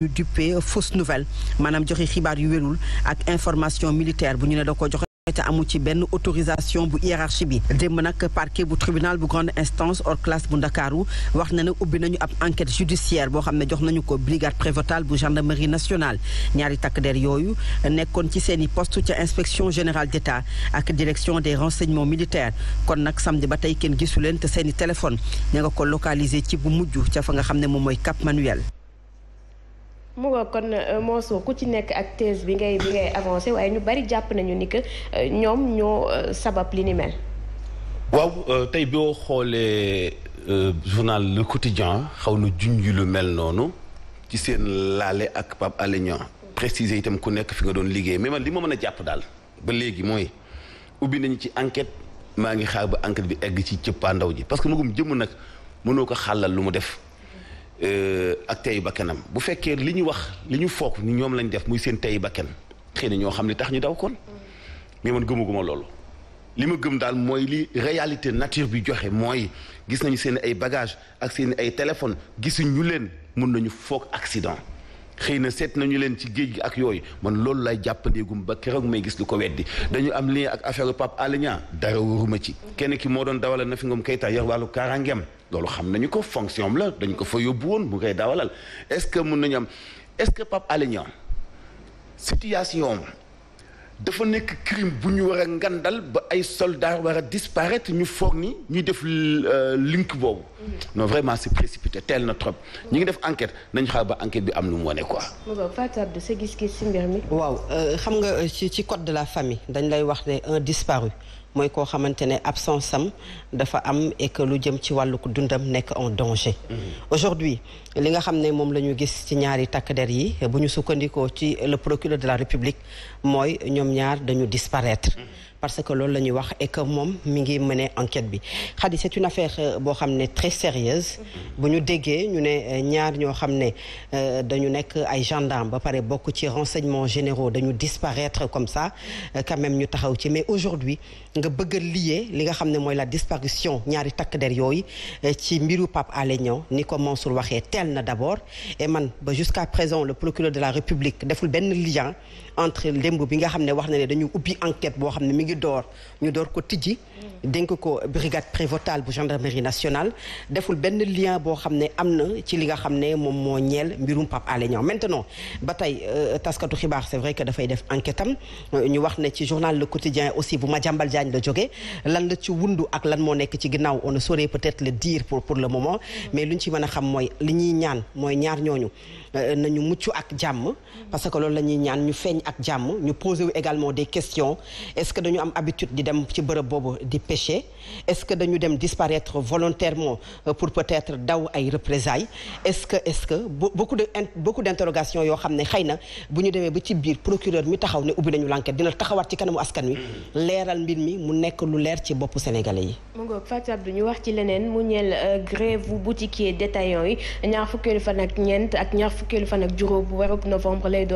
ñu duppee euh, fausse nouvelle maanaam joxe xibaar yu wérul ak information militaire bu ñu ne da ko joxe ca amu ci benn autorisation bu hiérarchie bi démb nag parquet bu tribunal bu grande instance hors classe bu ndakaaru wax na ne ubbi nañu ab enquête judiciaire boo xam ne jox nañu ko brigade prévôtale bu gendarmerie nationale ñaari takk der yooyu nekkoon ci seen i poste ca inspection générale d'état ak direction des renseignements militaires kon nag samedi ba tey kenn gisu leen te téléphone ña nga ko localisé ci bu mujj ca fa nga xam ne moom mooy Cap mu nga kon euh, Mansour ku ci nekk ak thèse bi ngay bi ngay avancé waaye ñu bari jàpp nañu ni que euh, ñoom ñoo euh, sabab li ni mel. waaw tey boo xoolee journal Le Quotidien xaw na junj lu mel noonu ci seen laale ak Pape Alé Niang préciser itam ku nekk fi nga doon liggéey mais man li ma mën a jàpp daal ba léegi mooy ubbi nañu ci enquête maa ngi xaar ba enquête bi egg ci cëppaandaw ji parce que magum jëmm nag mënoo ko xàllal lu mu def. Euh, ak teyu bakkanam bu fekkee li ñu wax li ñu foog ñu ñoom lañ def muy seen tey bakkan xëy na ñoo xam ne tax ñu daw kon mais man gëmuguma loolu li ma gëm daal mooy li réalité nature bi joxe mooy gis nañu seen ay bagage ak seen ay téléphone gisuñ ñu leen mun nañu foog accident xëy na seet nañu leen ci géej gi ak yooyu man loolu lay jàppandeegum ba keroog may gis lu ko weddi dañu am lien ak affaire pap Alé Niang dara wóoruma ci kenn ki moo doon dawalal Nafi Ngom Keïta yor wàllu kaaraangeem loolu xam nañu ko fonction la dañ ko fa yóbbu woon mu koy dawalal est-ce que mun nañu am est-ce que pap Alé Niang situation dafa nekk crime bu ñu war a ngandal ba ay soldats war a disparaître ñu foog ni ñuy def euh, link boobu mm-hmm. no vraiment c'est précipité teel na trop ñu ngi def enquête nañ xaar ba enquête bi am lu mu wane quoi de gis-gis si mbir mi waaw euh, xam nga euh, ci code de la famille dañ lay wax ne un disparu mooy koo xamante ne absence am dafa am et lu jëm ci wàllu dundam nekk en danger. Mm-hmm. aujourd'hui li nga xam ne moom lañu gis ci ñaari takk der yi bu ñu sukkandikoo ci le procureur de la république mooy ñoom ñaar dañu disparaître. Mm-hmm. parce que loolu la ñuy wax et que moom mi ngi mené enquête bi xadi c'est une affaire euh, boo xam ne très sérieuse mm-hmm. bu ñu déggee ñu ne euh, ñaar ñoo xam ne euh, dañu nekk ay gendarme ba pare bokk ci renseignements généraux dañu disparaître comme ça quand même ñu taxaw ci mais aujourd'hui nga bëgg a li nga xam ne mooy la disparition ñaari takk der yooyu ci mbiru Pape Alé Niang ni ko Mansour waxee teel na d'abord et man ba jusqu'à présent le procureur de la République deful benn lien entre démb nga xam ne wax na ne dañu boo xam ne ngi door ñu door ko tijji dénk ko brigade prévôtale bu gendarmerie nationale deful benn lien boo xam ne am na ci li nga xam ne moom moo ñeel mbirum Pape Alé Niang maintenant ba tey euh, taskatu xibaar c'est vrai que dafay def enquête am euh, ñu wax ne ci journal Le Quotidien aussi bu Madiambal Diagne la jógee lan la ci wundu ak lan moo nekk ci ginnaaw on ne saurait peut-être le dire pour pour le moment mais luñ ci mën a xam mooy li ñuy ñaan mooy ñaar ñooñu euh, nañu mucc ak jàmm parce que loolu la ñuy ñaan ñu feeñ ak jàmm ñu poser wu également dañu am habitude di dem ci bërëb boobu di pêcher est-ce que dañu dem disparaître volontairement euh, pour peut-être daw ay représailles est-ce que est-ce que de beaucoup yoo xam ne xëy na bu ñu demee ba ci biir procureur mi taxaw ne ubbi nañu l'enquête dina taxawaat ci kanamu askan wi mm. leeral mbir mi mu nekk lu leer ci boppu sénégalais yi. mu ngoog Fatou Abdou ñu wax ci leneen mu ñeel euh, grève boutiquier détaillant yi ñaar fukkeelu fan ñeent ak ñaar fukkeelu fan juróom bu weeru novembre lay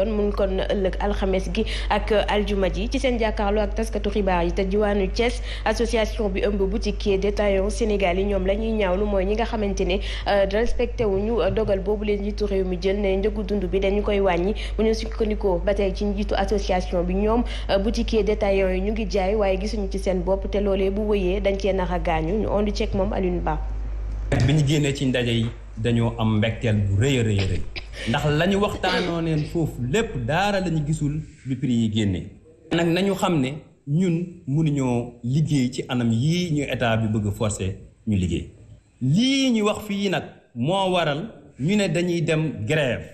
xibaar yi te diwaanu Thiès association bi ëmb boutiquier détaillant Sénégal yi ñoom la ñuy lu mooy ñi nga xamante ne euh, respecté wuñu dogal boobu leen njiitu réew mi jël ne njëgu dund bi dañu koy wàññi bu ñu sukkandikoo ba tey ci njiitu association bi ñoom euh, boutiquier détaillant yi ñu ngi jaay waaye gisuñu ci seen bopp te loolee bu wëyee dañ cee nax a gaañu ñu ondu ceeg moom Alioune Ba bi ñu génnee ci ndaje yi dañoo am mbégteel bu rëy a rëy rëy ndax la ñu waxtaanoo neen xam ne ñun mënuñoo liggéey ci anam yii ñu état bi bëgg force ñu liggéey lii ñu wax fii nag moo waral ñu ne dañuy dem grève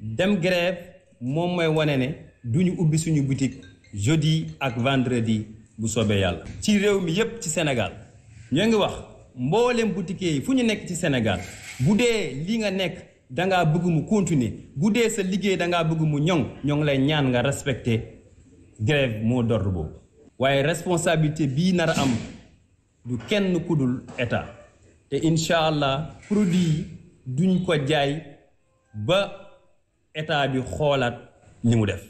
dem grève moom mooy wane ne duñu ubbi suñu boutique jeudi ak vendredi bu soobee yàlla ci réew mi yépp ci Sénégal ñoo ngi wax mboolem boutiquiers fu ñu nekk ci Sénégal bu dee li nga nekk da ngaa bëgg mu continuer bu dee sa liggéey da ngaa bëgg mu ñoŋ ñoo ngi lay ñaan nga respecté grève moo dord boobu waaye responsabilité bi nar a am du kenn kudul état te incha allah produit yi duñ ko jaay ba état bi xoolaat li mu def.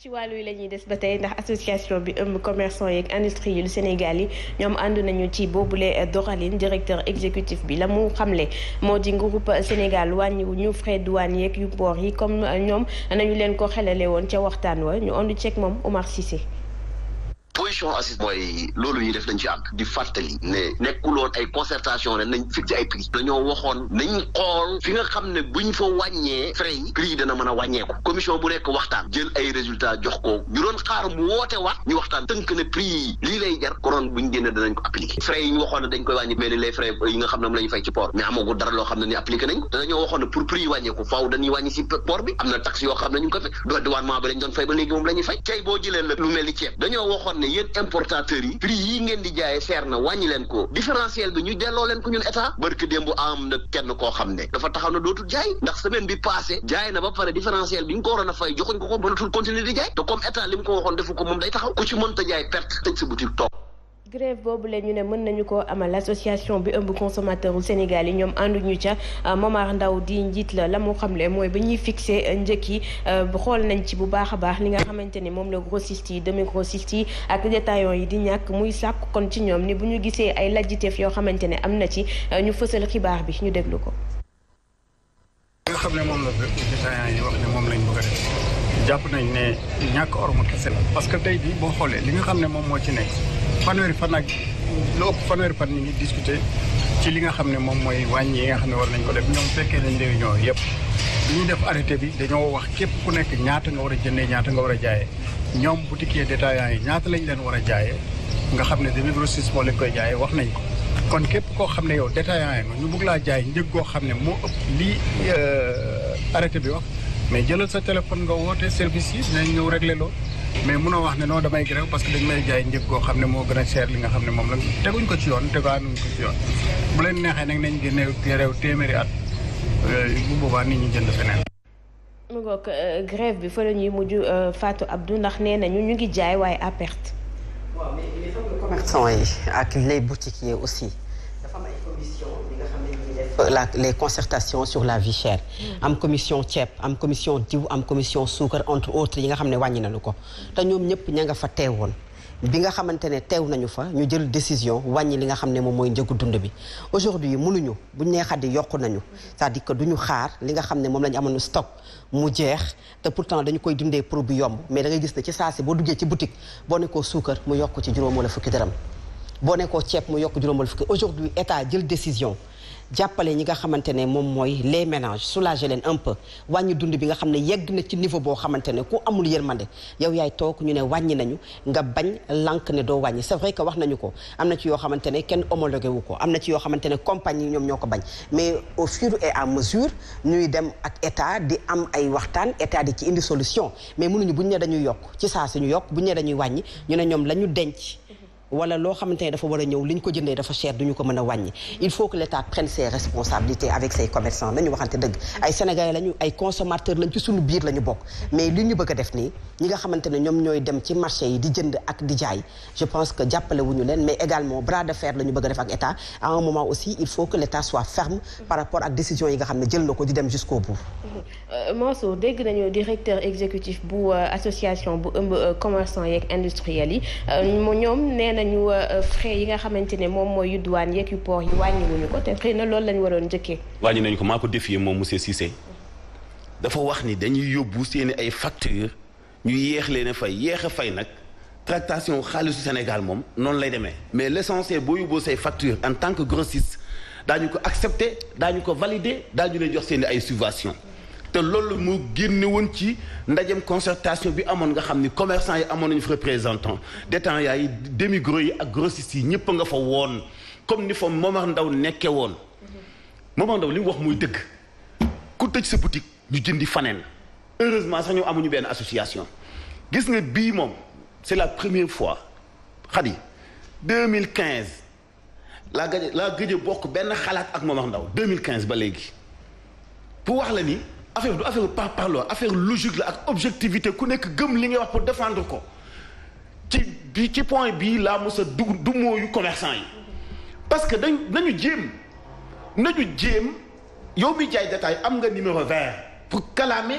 ci wàllu yi la ñuy des ba tey ndax association bi ëmb commerçant yeeg industrie yi lu Sénégal yi ñoom ànd nañu ci boobule doxalin directeur exécutif bi la mu xamle moo di groupe Sénégal wàññiwu ñu frais douane yeeg yu port yi comme ñoom nañu leen ko xelale woon ca waxtaan wa ñu ànd ceeg moom Omar si constitution assise mooy loolu ñuy def dañ ci di fàttali ne nekkuloon ay concertation ren nañ fixé ay prix dañoo waxoon nañ xool fi nga xam ne buñ fa a wàññeeku wàññi frais yi nga xam ne moom la ñu ci port mais amagu dara loo xam ne ni appliqué nañ dañoo waxoon ne pour prix wàññeeku faaw dañuy wàññi si port bi am na taxe yoo xam ne ñu ngi ko fay doon diwaan maa ba lañ boo jëlee lu mel ni ceeb dañoo waxoon ne yéen yi prix yi ngeen di jaayee seer na wàññi leen ko différentiel bi ñu delloo leen ko ñun état barki démb am na kenn koo xam ne dafa taxaw na dootul jaay ndax semaine bi passé jaay na ba pare différentiel bi ñu ko waroon a fay joxuñ ko ko mënatul continuer di jaay te comme état li mu ko waxoon defu ko moom day taxaw ku ci mënta jaay perte tëj sa boutique toog grève boobu la ñu ne mën nañu koo amal association bi ëmb consommateur u Sénégal yi ñoom ànduñu ca euh, Momar Ndaw di njiit la la mu xamle mooy ba ñuy fixé euh, njëkk yi euh, xool nañ ci bu baax a baax li nga xamante ni moom la grossiste yi demi grossiste yi ak détaillant yi di ñàkk muy sàkk kon ci ñoom ni bu ñu gisee ay lajjiteef yoo xamante ne am na ci ñu fësal xibaar bi ñu déglu ko ne moom la détaillants yi wax ne moom lañ bëgg a def jàpp nañ ne ñàkk orma kese la parce que tey jii boo xoolee li nga xam ne moom moo ci ne fanweeri fan nag lu ëpp fanweeri fan ñu ngi discuter ci li nga xam ne moom mooy wàññi yi xam ne war nañ ko def ñoom fekkee nañ réunion yëpp bi ñu def arrêté bi dañoo wax képp ku nekk ñaata nga war a jëndee ñaata nga war a jaayee ñoom boutiquiers détaillants yi ñaata lañ leen war a jaayee nga xam ne demi-grossiste moo leen koy jaayee wax nañ ko kon képp koo xam ne yow détaillant nga ñu bugg laa jaay njëg goo xam ne moo ëpp lii euh, arrêté bi wax mais jëlal sa téléphone nga woote service yi dinañ ñëw réglé loolu mais munoo wax ne non damay grève parce que dañ may jaay njëg goo xam ne moo gën a cher nga xam ne moom la teguñ ko ci yoon tegaanuñ ko ci yoon bu leen neexee nag nañ génne réew téeméeri at euh, bu boobaa nit ñi jënd feneen mu ngoog euh, grève bi fa la ñuy mujj Fatou Abdou ndax nee nañu ñu ngi jaay waaye à commerçants yi ak les boutiquiers aussi dafa am la les concertations sur la vie chère mm. am commission ceeb am commission diw am commission suukar entre autres yi nga xam ne wàññi nañu ko te ñoom ñëpp ña nga fa teewoon bi nga xamante ne teew nañu fa ñu jël décision wàññi li nga xam ne moom mooy njëgu dund bi aujourd'hui mënuñu buñ nee xaddi yokk nañu c'est-à-dire que duñu xaar li nga xam ne moom la ñu amoon stock mu jeex te pourtant dañu koy dundee bu yomb mais da ngay gis ne ci saa si boo duggee ci boutique boo ne suukar mu yokk ci juróom wala fukki dërëm boo nekkoo ceeb mu yokk juróom wala fukki aujourd'hui état jël décision jàppale ñi nga xamante ne moom mooy les ménages soulager leen un peu wàññi dund bi nga xam ne yegg na ci niveau boo xamante ne ku amul yërmande yow yaay toog ñu ne wàññi nañu nga bañ lànk ne doo wàññi c'est vrai que wax nañu ko am na ci yoo xamante ne kenn homologué wu ko am na ci yoo xamante ne compagnie ñoom ñoo ko bañ mais au fur et à mesure ñuy dem ak état di am ay waxtaan état di ci indi solution mais mënuñu buñ ne dañuy yokk ci saa si ñu yokk buñ ne dañuy wàññi ñu ne ñoom la ñu denc wala loo xamante ne dafa war a ñëw li ñu ko jëndee dafa cher duñu ko mën a wàññi il faut que l' état prenne ses avec ses commerçants nañu waxante dëgg ay sénégalais lañu ay consommateurs lañ ci suñu biir la ñu bokk mais li ñu bëgg a def nii ñi nga xamante ne ñoom ñooy dem ci marché yi di jënd ak di jaay je pense que jàppalewuñu leen mais également bras de fer la ñu bëgg a def ak état à un moment aussi il faut que l' soit ferme par rapport di dem jusqu'au bout euh, Mansour dégg nañu directeur exécutif bu euh, association bu ëmb euh, commerçant yeeg yi nañu euh, frais yi nga xamante ne moom mooy yu douane yeeg yu port yi wàññiwuñu ko te xëy na lool lañ waroon njëkkee. wàññi nañ ko maa ko défier moom monsieur Cissé dafa wax ni dañuy yóbbu seeni ay facture ñu yéex leen a fay yéex a fay nag tractation xaalisu Sénégal moom noonu lay demee. mais l'essentiel boo yóbboo say facture en tant que grossiste daañu ko accepter daañu ko valider daañu leen jox seeni ay subventions. te loolu mu génne woon ci ndajem concertation bi amoon nga xam ni commerçant yi amoon nañu fi représentant détaillants yaay demi gros yi ak grossistes yi ñëpp a nga fa woon comme ni fa Momar Ndao nekke woon Momar Ndao lim wax muy dëgg ku tëj sa boutique ñu jëndi faneen heureusement sax ñoom amuñu benn association gis nga bii moom c'est la première fois xadi 2015 laa gëj laa gëj bokk benn xalaat ak Momar Ndao 2015 ba léegi pour wax la ni affaire du affaire par parlo affaire logique la ak objectivité ku nekk gëm li ngay wax pour défendre ko ci bi ci point bii laa mos a dugg du mooyu commerçant yi parce que dañ nañu jéem nañu jéem yow mi jaay détail am nga numéro vert pour kalaame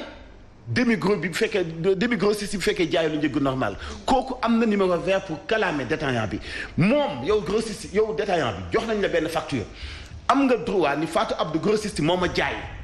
demi gros bi bu fekkee demi grossiste bu fekkee jaay lu njëgg normal kooku am na numéro vert pour kalaame détaillant bi moom yow grossiste yow détaillant bi jox nañ la benn facture am nga droit ni ab Abdou grossiste moo a jaay